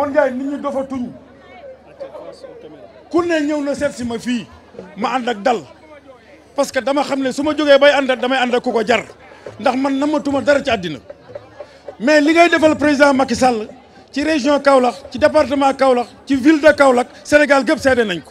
Mon Ndiaye nit ñi dafa tuñ ku ne ñëw na seet si ma fii ma ànd ak dal parce que dama xam ne su ma jógee bay ànd damay ànd ak ko jar ndax man namatuma dara ci àddina mais li ngay defal président Macky Sall ci région Kaolack ci département Kaolack ci ville de Kaolack Sénégal gépp seede nañ ko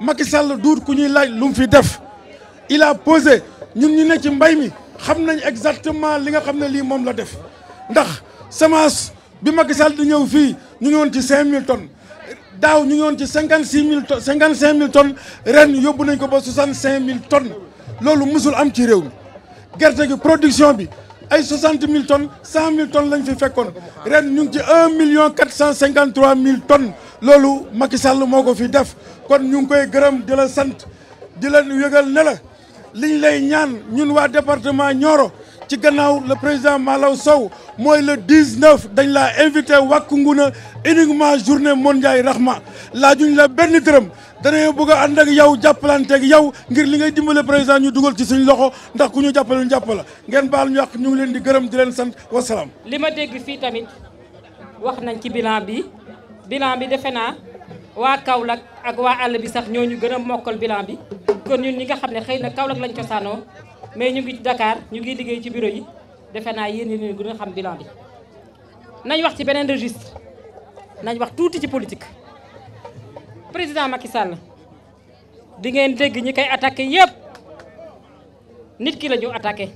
Macky Sall duut ku ñuy laaj lu fi def il a posé ñun ñu ne ci mbay mi xam exactement li nga xam ne lii moom la def ndax semence bi Macky Sall di ñëw fii ñu ngi ci 5000 tonnes daaw ñu ngi woon ci 56000 tonnes 55000 tonnes ren yobbu nañ ko ba 65000 tonnes loolu musul am ci réew mi gerte gi production bi ay 60000 tonnes 100000 tonnes lañ fi fekkoon ren ñu ngi ci 1 million 453000 tonnes. loolu Macky Sall moo ko fi def kon ñu ngi koy gërëm di la sant di leen yëgal ne la liñ lay ñaan ñun waa département Nioro ci gannaaw la président Malaw Sow mooy le 19 dañ laa invité Wack Ngouna uniquement journée mondiale rahma laajuñ la benn dërëm danañ bëgg a ànd ak yow jàppalante ak yow ngir li ngay dimbale président ñu dugal ci suñ loxo ndax ku ñu jàppale ñu jàppala ngeen baal ñu wax ñu ngi leen di gërëm di leen sant wasalaam. li ma dégg fii tamit wax nañ ci bilan bi. bilan bi defe naa waa Kaolack ak waa àll bi sax ñooñu gën a mokkal bilan bi kon ñun ñi nga xam ne xëy na Kaolack lañ cosaanoo mais ñu ngi dakaar ñu ngi liggéey ci bureau yi defe naa yéen ñi gën a xam bilan bi nañ wax ci beneen registre nañ wax tuuti ci politique président Macky Sall di ngeen dégg ñi koy attaqué yëpp nit ki la ñu attaqué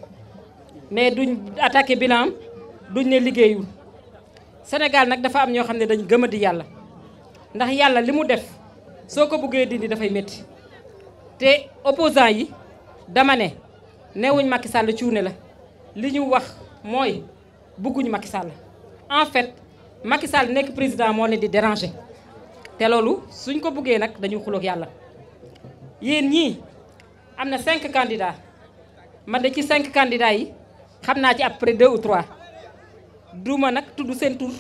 mais duñ attaqué bilan duñ ne liggéeyul Sénégal nag dafa am ñoo xam ne dañu gëm a di yàlla ndax yàlla li mu def soo ko buggee dindi dafay métti te opposant yi dama ne newuñ Macky Sall cuune la li ñu wax mooy bëgguñu Macky Sall en fait Macky Sall nekk président moo leen di déranger te loolu suñ ko buggee nag dañu xuloog yàlla yéen ñii am na cinq candidats man de ci cinq yi xam naa ci à peu ou trois duuma nag tudd seen tur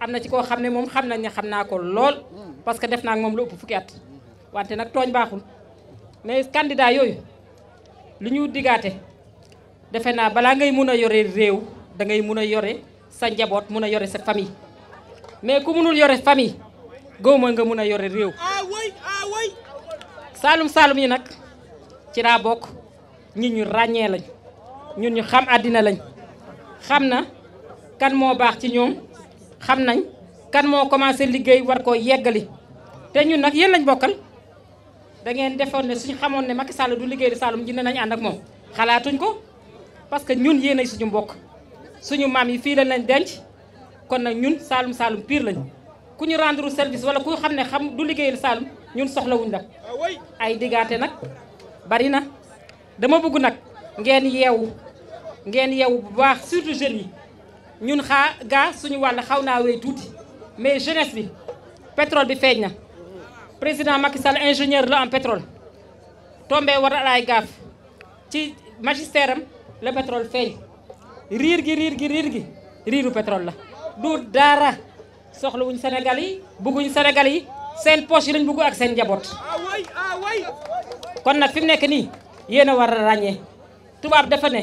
am na ci koo xam ne moom xam nañ ne xam naa ko lool parce que def naa ak moom lu ëpp fukki at wante nag tooñ baaxul mais candidat yooyu lu ñu digaate defe naa balaa ngay mun a yore réew da ngay mun a yore sa njaboot mun a yore sa famille mais ku munul yore famille gëwuma nga mun a yore réew saalum saalum yi nag ci laa bokk ñi ñu ràññee lañ ñun ñu xam àddina lañ xam na kan moo baax ci ñoom xam nañ kan moo commencé liggéey war koo yeggali te ñun nag yéen lañ bokkal da ngeen defoon ne suñu xamoon ne Macky Sall du liggéey di Saloum dina nañ ànd ak moom xalaatuñ ko parce que ñun yéenay suñu mbokk suñu maam yi fii lañ lañ denc kon nag ñun Saloum Saloum pire lañ ku ñu rendre service wala ku xam ne xam du liggéeyal Saloum ñun soxlawuñ la ay digaate nag bari na dama bëgg nag ngeen yeewu ngeen yeewu bu baax surtout jeunes yi. ñun xaa gaa suñu wàll xaw naa wéy tuuti mais jeunesse bi pétrole bi feeñ na président Macky Sall ingénieur la en pétrole tombé war alaay gaaf ci magistère am la pétrole feeñ riir gi riir gi riir gi riiru pétrole la du daara soxlawuñ Sénégal yi bëgguñ Sénégal yi seen poche yi lañ bëgg ak seen njaboot kon nag fi mu nekk nii yéen a war a ràññee tubaab dafa ne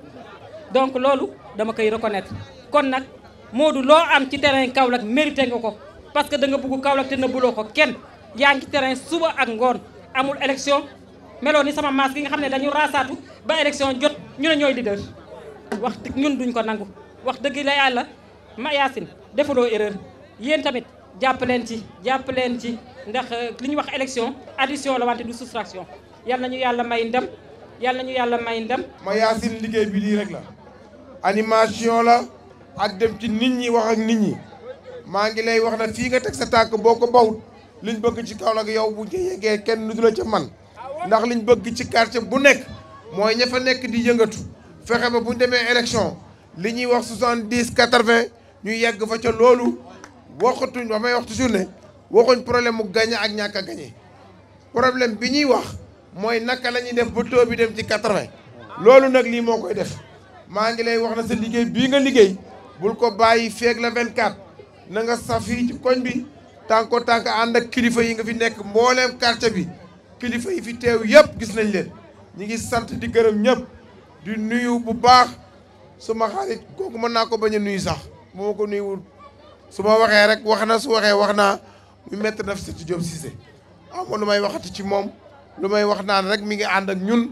donc loolu dama koy reconnaître kon nag Modou loo am ci terrain Kaolack mérité nga ko parce que da nga bëgg Kaolack te nëbbuloo ko kenn yaa ngi terrain suba ak ngoon amul élection meloon ni sama maas gi nga xam ne dañu raasaatu ba élection jot ñu ne ñooy leader wax ñun duñ ko nangu wax dëgg la yàlla ma Yacine defaloo erreur yéen tamit jàpp leen ci jàpp leen ci ndax euh, li ñuy wax election addition la wante du soustraction yal nañu yàlla may ndam yal nañu yàlla may ndam. ma Yacine liggéey bi lii animation la ak dem ci nit ñi wax ak nit ñi maa ngi lay wax na fii nga teg sa tànk boo ko bawut liñ bëgg ci Kaolack yow bu ñu yeggee kenn du la ca man ndax liñ bëgg ci quartier bu nekk mooy ña fa nekk di yëngatu fexe ba bu ñu demee élection li ñuy wax soixante-dix quatre-vingt ñu yegg fa ca loolu waxatuñ ba may wax toujours ne waxuñ problème mu gagné ak ñàkk a gagné problème bi ñuy wax mooy naka lañuy ñuy def ba taux bi dem ci quatre-vingt loolu nag lii moo koy def. maa ngi lay wax na sa liggéey bii nga liggéey bul ko bàyyi feeg la 24 na nga saf fii ci koñ bi tànko tànk ànd ak kilifa yi nga fi nekk mbooleem quartier bi kilifa yi fi teew yëpp gis nañ leen ñi ngi sant di gërëm ñëpp di nuyu bu baax suma xarit kooku mën naa ko bañ a nuyu sax bu ko nuyuwul su ma waxee rek wax na su waxee wax naa muy mettre na fi Sëti Diop Cissé amoon lu may waxati ci moom lu may wax naan rek mi ngi ànd ak ñun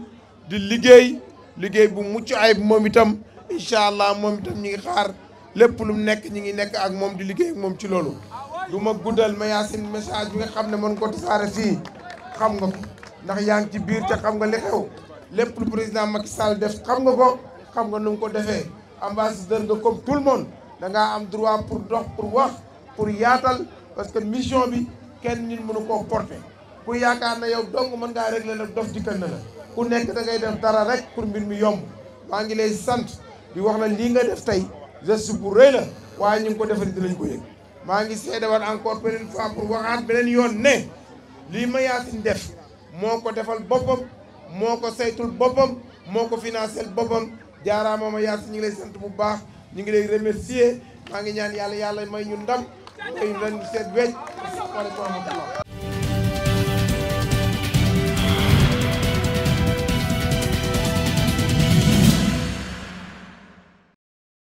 di liggéey liggéey bu mucc ayib moom itam incha allah moom itam ñu ngi xaar lépp lu mu nekk ñu ngi nekk ak moom di liggéey moom ci loolu. lu ma guddal ma yaasin message bi nga xam ne mën ko tasaare fii xam nga ko ndax yaa ngi ci biir te xam nga li xew lépp lu président Macky Sall def xam nga ko xam nga nu mu ko defee ambassadeur nga comme tout moon monde da ngaa am droit pour dox pour wax pour yaatal parce que mission bi kenn nit mënu koo porter ku yaakaar na yow dong mën ngaa régler nag dof dikkal na la. ku nekk da ngay def dara rek pour mbir mi yomb maa ngi lay sant di wax na lii nga def tey geste bu rëy la waaye ñu ngi ko defari dinañ ko yëg maa ngi seedewaat encore beneen fois pour waxaat beneen yoon ne lii ma yaasin def moo ko defal boppam moo ko saytul boppam moo ko financé boppam jaaraama ma yaasin ñu ngi lay sant bu baax ñu ngi lay remercier maa ngi ñaan yàlla yàlla may ñu ndam may ñu leen wecc